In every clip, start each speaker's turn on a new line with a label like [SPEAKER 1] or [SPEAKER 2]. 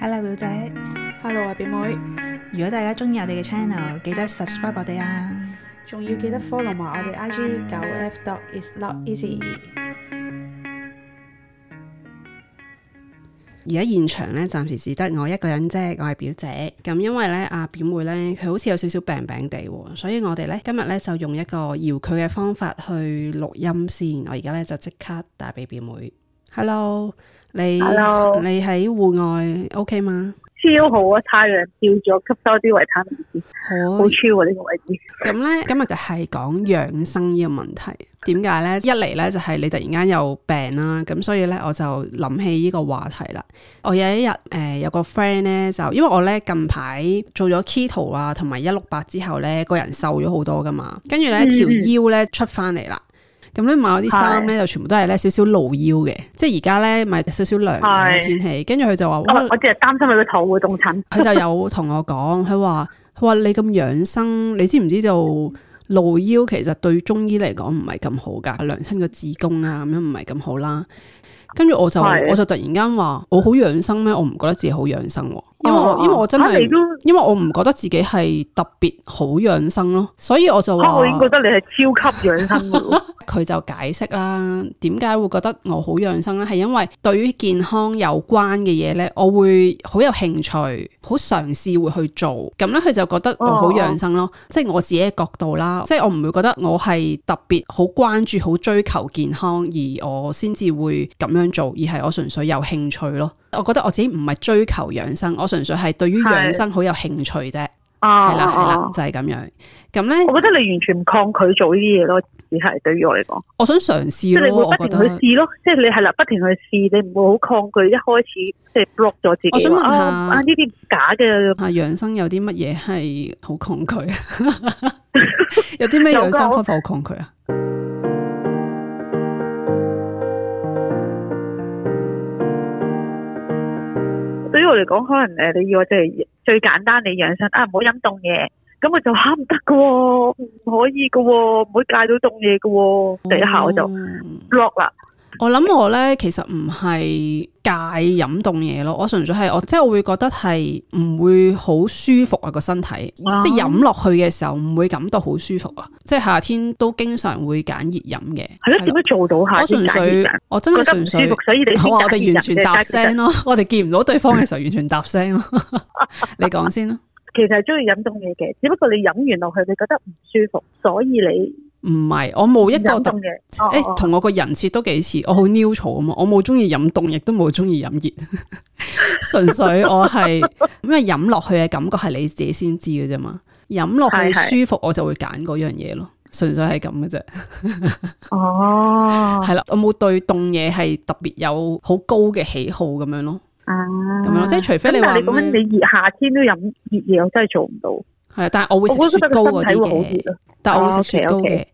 [SPEAKER 1] hello 表姐，hello 阿表妹。如果大家中意我哋嘅 channel，記得 subscribe 我哋啊。
[SPEAKER 2] 仲要記得 follow 埋我哋 IG 九 F dot is not easy。而家
[SPEAKER 1] 現，現場咧，暫時只得我一個人啫，我係表姐。咁因為咧，阿、啊、表妹咧，佢好似有少少病病地喎，所以我哋咧今日咧就用一個遙距嘅方法去錄音先。我而家咧就即刻打俾表妹。Hello，你 Hello. 你喺戶外 OK 嗎？超好啊，太陽照咗，吸多啲維他命，好超喎呢個位置。咁咧今日就係講養生呢個問題。點解咧？一嚟咧就係你突然間又病啦，咁所以咧我就諗起呢個話題啦。我有一日誒、呃、有個 friend 咧就因為我咧近排做咗 Keto 啊同埋一六八之後咧個人瘦咗好多噶嘛，跟住咧條腰咧出翻嚟啦。嗯咁咧買嗰啲衫咧就全部都係咧少少露腰嘅，即係而家咧咪少少涼嘅天氣，跟住佢就話我，我只
[SPEAKER 2] 即係擔心佢個肚會凍親。佢 就有
[SPEAKER 1] 同我講，佢話佢話你咁養生，你知唔知道露腰其實對中醫嚟講唔係咁好㗎，涼親個子宮啊，咁樣唔係咁好啦。跟住我就的我就突然間話我好養生咩？我唔覺得自己好養生。因為因為我真係，因為我唔覺得自己係特別好養生咯，所以我就話，我已經覺得你係超級養生嘅。佢 就解釋啦，點解會覺得我好養生咧？係因為對於健康有關嘅嘢呢，我會好有興趣，好嘗試會去做。咁咧，佢就覺得我好養生咯，即係、哦、我自己嘅角度啦。即、就、係、係、我唔會覺得我係特別好關注、好追求健康，而我先至會咁樣做，而係我純粹有興趣咯。我覺得我自己唔係追求養生，我純，純粹係對於養生好有興趣啫，
[SPEAKER 2] 係啦係啦，啊、就係咁樣咁咧。我覺得你完全唔抗拒做呢啲嘢咯，只係對於我嚟講。我想嘗試，即係你會不停去試咯，即係你係啦，不停去試，你唔會好抗拒一開始即係 block 咗自己。我想問下
[SPEAKER 1] 呢啲、啊啊、假嘅啊養生有啲乜嘢係好抗拒
[SPEAKER 2] 啊？ 有啲咩養生方法好抗拒啊？所以我嚟講，可能誒，你要我即係最簡單，你養生啊，唔好飲凍嘢。咁我就吓唔得嘅，唔、啊、可以嘅，唔會戒到凍嘢嘅。第一、嗯、下我就落啦。
[SPEAKER 1] 我諗我咧，其實唔係戒飲凍嘢咯，我純粹係我即係我會覺得係唔會好舒服啊，個身體，啊、即係飲落去嘅時候唔會感到好舒服啊。即係夏天都經常會揀熱飲嘅。係咯的，點樣
[SPEAKER 2] 做到下？我純粹我真係純粹，所以你好，我哋完全搭聲咯。嗯、我
[SPEAKER 1] 哋見唔到對方嘅時候，完全搭聲咯。
[SPEAKER 2] 你講先咯。其實係中意飲凍嘢嘅，只不過你飲完落去你覺得唔舒服，所以你。
[SPEAKER 1] 唔係，我冇一個特誒，同、哦欸、我個人設都幾似，哦、我好 neutral 啊嘛、哦，我冇中意飲凍亦都冇中意飲熱，純 粹我係 因為飲落去嘅感覺係你自己先知嘅啫嘛，飲落去舒服係，係我就會揀嗰樣嘢咯，純粹係咁嘅啫。 哦，係啦，我冇對凍嘢係特別有好高嘅喜好咁樣咯。
[SPEAKER 2] 啊，咁樣、啊，即係除非你話你熱夏天都飲熱嘢，我真係做唔到。
[SPEAKER 1] 但係我會食雪糕嗰啲嘅，但係我會食雪糕嘅，oh,
[SPEAKER 2] okay, okay.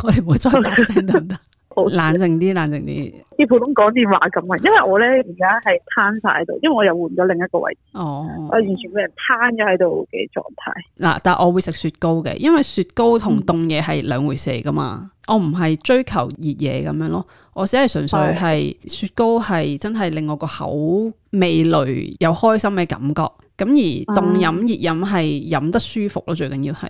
[SPEAKER 2] 我哋唔會再大聲得唔得？ 冷靜啲，冷靜啲，似普通講電話咁啊！嗯、因為我咧而家係攤晒喺度，因為我又換咗另一個位置。哦，我完全俾人攤咗喺度嘅狀態。
[SPEAKER 1] 嗱、啊，但係我會食雪糕嘅，因為雪糕同凍嘢係兩回事嚟噶嘛。嗯、我唔係追求熱嘢咁樣咯，我只係純粹係是雪糕係真係令我個口味蕾有開心嘅感覺。咁而凍飲、熱飲係飲得舒服咯，最緊要係。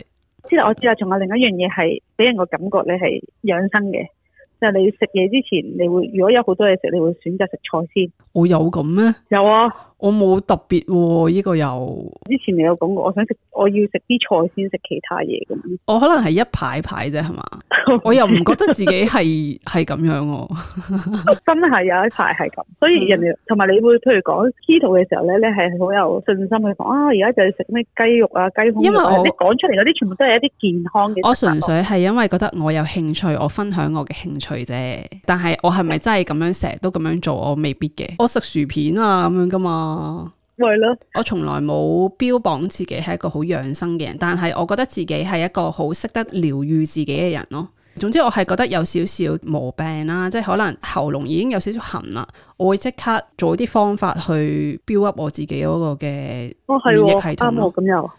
[SPEAKER 2] 即係我知啊，仲有另一樣嘢係俾人個感覺你養，你係養生嘅。即係你食嘢之前，你會如果有好多嘢食，你會選擇食菜先。我
[SPEAKER 1] 有咁咩？有啊。
[SPEAKER 2] 我冇特別喎、啊，依、這個又之前你有講過，我
[SPEAKER 1] 想食我要食啲菜先食其他嘢咁。我可能係一排排啫，係嘛？我又唔覺得自己係係咁樣喎，
[SPEAKER 2] 真係有一排係咁。所以人哋同埋你會，譬如講 Keto 嘅時候咧，你係好有信心去講啊，而家就食咩雞肉啊、雞胸肉，啲講出嚟嗰啲全部都係一啲健康嘅。我純粹
[SPEAKER 1] 係因為覺得我有興趣，我分享我嘅興趣啫。但係我係咪真係咁樣成日 都咁樣做？我未必嘅。我食薯片啊咁樣噶嘛～ öyle 哦，係咯、啊，我從來冇標榜自己係一個好養生嘅人，但係我覺得自己係一個好識得療愈自己嘅人咯。總之我係覺得有少少毛病啦，即係可能喉嚨已經有少少痕啦，我會即刻做啲方法去標 up 我自己嗰個嘅免疫系統咯。咁又、哦哦、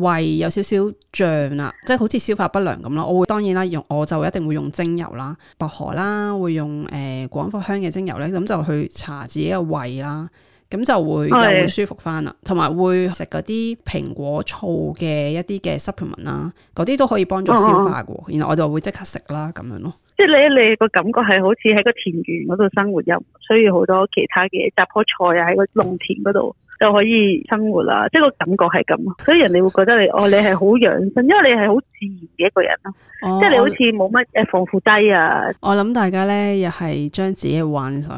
[SPEAKER 1] 胃有少少脹啦，即係好似消化不良咁咯。我會當然啦，用我就一定會用精油啦，薄荷啦，會用誒廣藿香嘅精油咧，咁就去搽自己嘅胃啦。咁就會又會舒服返啦，同埋是的 會食嗰啲蘋果醋嘅一啲嘅 supplement 啦，嗰啲都可以幫助消化嘅。哦哦，然後我就會即刻食啦，咁樣
[SPEAKER 2] 咯。即係咧，你個感覺係好似喺個田園嗰度生活，又需要好多其他嘅雜棵菜啊，喺個農田嗰度。就可以生活啦，即係個感覺係咁，所以人哋會覺得你，哦，你係好養生，因為你係好自然嘅一個人咯，哦、即係你好似冇乜
[SPEAKER 1] 誒防腐劑啊。我諗大家咧又係將自己嘅幻想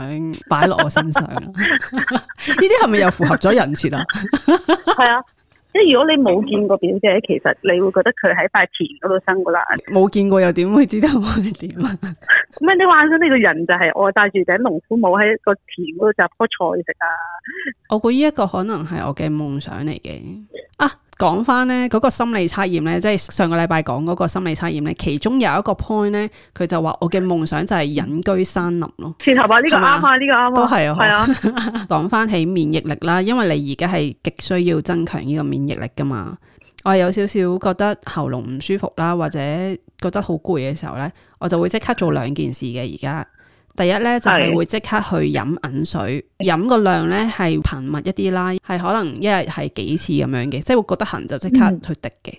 [SPEAKER 1] 擺落我身上，呢啲係咪又符合咗人設啊？係
[SPEAKER 2] 啊。即係如果你冇見過表姐，其實你會覺得佢喺塊田嗰度生活啦。冇見過又點會知道我係點啊？咩？你幻想你個人就係我帶住頂農夫帽喺個田嗰度摘棵菜食啊！
[SPEAKER 1] 我估呢一個可能係我嘅夢想嚟嘅。啊，講翻咧嗰個心理測驗咧，即係上個禮拜講嗰個心理測驗咧，其中有一個 point 咧，佢就話我嘅夢想就係隱居山林咯。前頭話呢個啱吧啊，呢、呢個啱啊，都係是是啊，係啊。講翻起免疫力啦，因為你而家係極需要增強呢個免疫力噶嘛。我有少少覺得喉嚨唔舒服啦，或者覺得好攰嘅時候咧，我就會即刻做兩件事嘅而家。第一咧，就係、是、會即刻去飲銀水，飲個的量咧係頻密一啲啦，係可能一日係幾次咁樣嘅，即係會覺得痕，就即刻去滴嘅。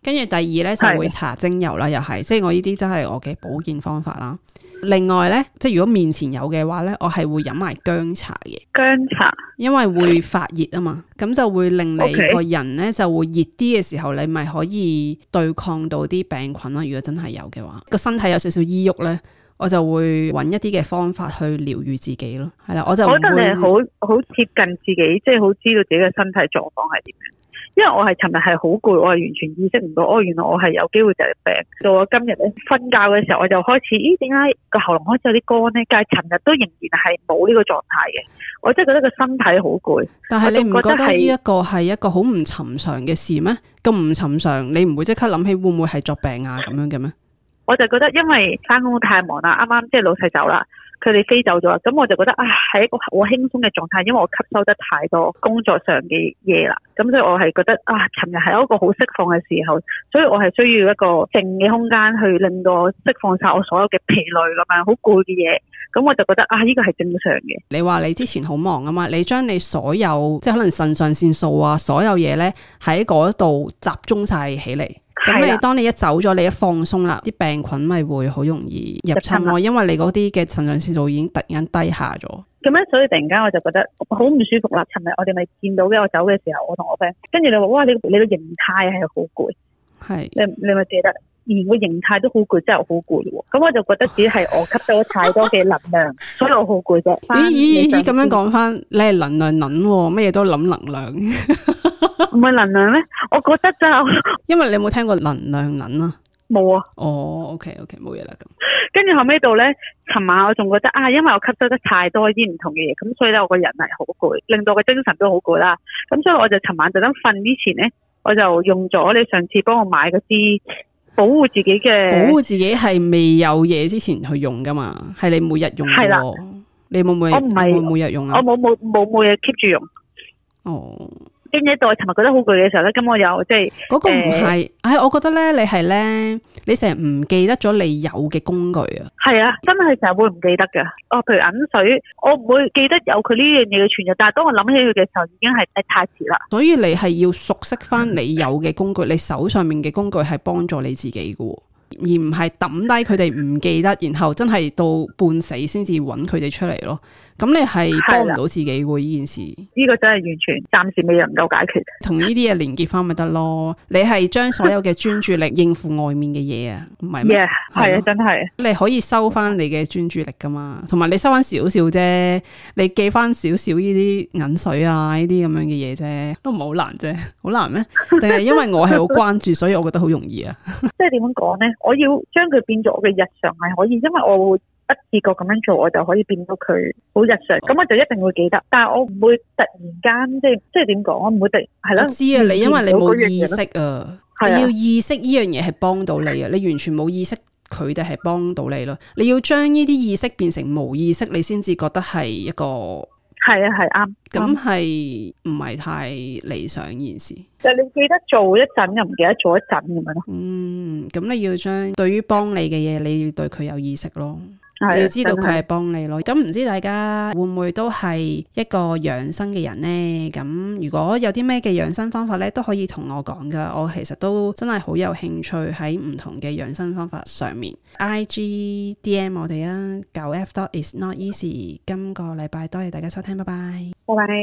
[SPEAKER 1] 跟住、嗯、第二咧的就會搽精油啦，又係即係我呢啲真係我嘅保健方法啦。另外咧，即係如果面前有嘅話咧，我係會飲埋薑茶嘅薑茶，因為會發熱啊嘛，咁、嗯、就會令你個人咧就會熱啲嘅時候，你咪可以對抗到啲病菌啦。如果真係有嘅話，個身體有少少淤鬱咧。我就會揾一啲嘅方法去療愈自己咯，係啦，我就我覺得你係好
[SPEAKER 2] 好貼近自己，即係好知道自己嘅身體狀況係點樣。因為我係尋日係好攰，我係完全意識唔到，哦，原來我係有機會就係病到我今日咧。瞓覺嘅時候我就開始，咦，點解個喉嚨開始有啲乾呢？但係尋日都仍然係冇呢個狀態嘅。我真係覺得個身體好攰。但係你唔覺得呢一
[SPEAKER 1] 個係一個好唔尋常嘅事咩？咁唔尋常，你唔會即刻諗起會唔會係作病啊咁樣嘅咩？
[SPEAKER 2] 我就，剛剛我就覺得，因為翻工太忙啦，啱啱即係老細走啦，佢哋飛走咗，咁我就覺得啊，係一個好輕鬆嘅狀態，因為我吸收得太多工作上嘅嘢啦，咁所以我係覺得啊，尋日係一個好釋放嘅時候，所以我係需要一個靜嘅空間去令到釋放曬我所有嘅疲累噉樣，好攰嘅嘢。咁我就覺得啊，呢個係正常嘅。你話你之
[SPEAKER 1] 前好忙啊嘛，你將你所有即係可能腎上腺素啊，所有嘢咧喺嗰度集中晒起嚟。咁的你當你一走咗，你一放鬆啦，啲病菌咪會好容易入侵咯。因為你嗰啲嘅腎上腺素已經突然間低下咗。
[SPEAKER 2] 咁樣的所以突然間我就覺得好唔舒服啦。尋日我哋咪見到嘅，我走嘅時候，我同我 friend，跟住你話哇，你態的你個形態係好攰。係。你你咪記得。而個形態都好攰，真係好攰喎。咁我就覺得只係我吸收咗太多嘅能量， 所以我好攰啫。咦咦咦，咁樣
[SPEAKER 1] 講翻，你係能量撚喎，咩嘢都諗能量。唔 係能量咩？我覺得就因為你冇聽過能量撚啊？冇啊、哦。哦，OK OK，冇嘢啦咁。
[SPEAKER 2] 跟住後尾度咧，尋晚我仲覺得啊，因為我吸收得太多啲唔同嘅嘢，咁所以咧我個人係好攰，令到個精神都好攰啦。咁所以我就尋晚特登瞓之前咧，我就用咗你上次幫我買嗰支。保護自己嘅，保護自己係
[SPEAKER 1] 未有嘢之前去用噶嘛，係你每日用噶。係啦，你會唔會每日用啊？我
[SPEAKER 2] 冇冇冇冇嘢 keep 住用。哦。跟住到我尋日覺得好攰嘅時候咧，咁我有即係嗰個唔係，唉、
[SPEAKER 1] 欸哎，我覺得咧，你係咧，你成日唔記得咗你有嘅工具啊，
[SPEAKER 2] 係啊，真係成日會唔記得嘅，哦，譬如飲水，我唔會記得有佢呢樣嘢嘅存在，但係當我諗起佢嘅時候，已經係太遲啦。
[SPEAKER 1] 所以你係要熟悉翻你有嘅工具，嗯、你手上面嘅工具係幫助你自己嘅，而唔係抌低佢哋唔記得，然後真係到半死先至搵佢哋出嚟咯。咁你係幫唔到自己喎？呢的件事呢個真係完全暫時未有唔夠解決。同呢啲嘢連結翻咪得咯。你係將所有嘅專注力應付外面嘅嘢啊，唔係咩？係啊 Yeah, 的，真係。你可以收翻你嘅專注力噶嘛？同埋你收翻少少啫，你記翻少少呢啲銀水啊，呢啲咁樣嘅嘢啫，都唔係好難啫。好難咩？定係因為我係好關注， 所以我覺得好容易啊。 即
[SPEAKER 2] 係點樣講咧？我要將佢變做我嘅日常係可以，因為我會。不自覺咁樣做，我就可以變到佢好日常咁，哦、我就一定會記得。但係我唔會突然間即係即係點講，唔會突係咯。我知啊，你了因為你冇意識啊，
[SPEAKER 1] 的你要意識呢樣嘢係幫到你啊，的你完全冇意識佢哋係幫到你咯。你要將呢啲意識變成冇意識，你先至覺得係一個係啊，係啱咁係唔係太理想件事。
[SPEAKER 2] 就你記得
[SPEAKER 1] 做一陣又唔記得做一陣咁樣咯。嗯，咁你要將對於幫你嘅嘢，你要對佢有意識咯。你要知道佢係幫你咯，咁唔知大家會唔會都係一個養生嘅人呢？咁如果有啲咩嘅養生方法呢，都可以同我講㗎。我其實都真係好有興趣喺唔同嘅養生方法上面。IG DM 我哋啊，9F dot is not easy。今個禮拜多謝大家收聽，拜拜。好，拜拜。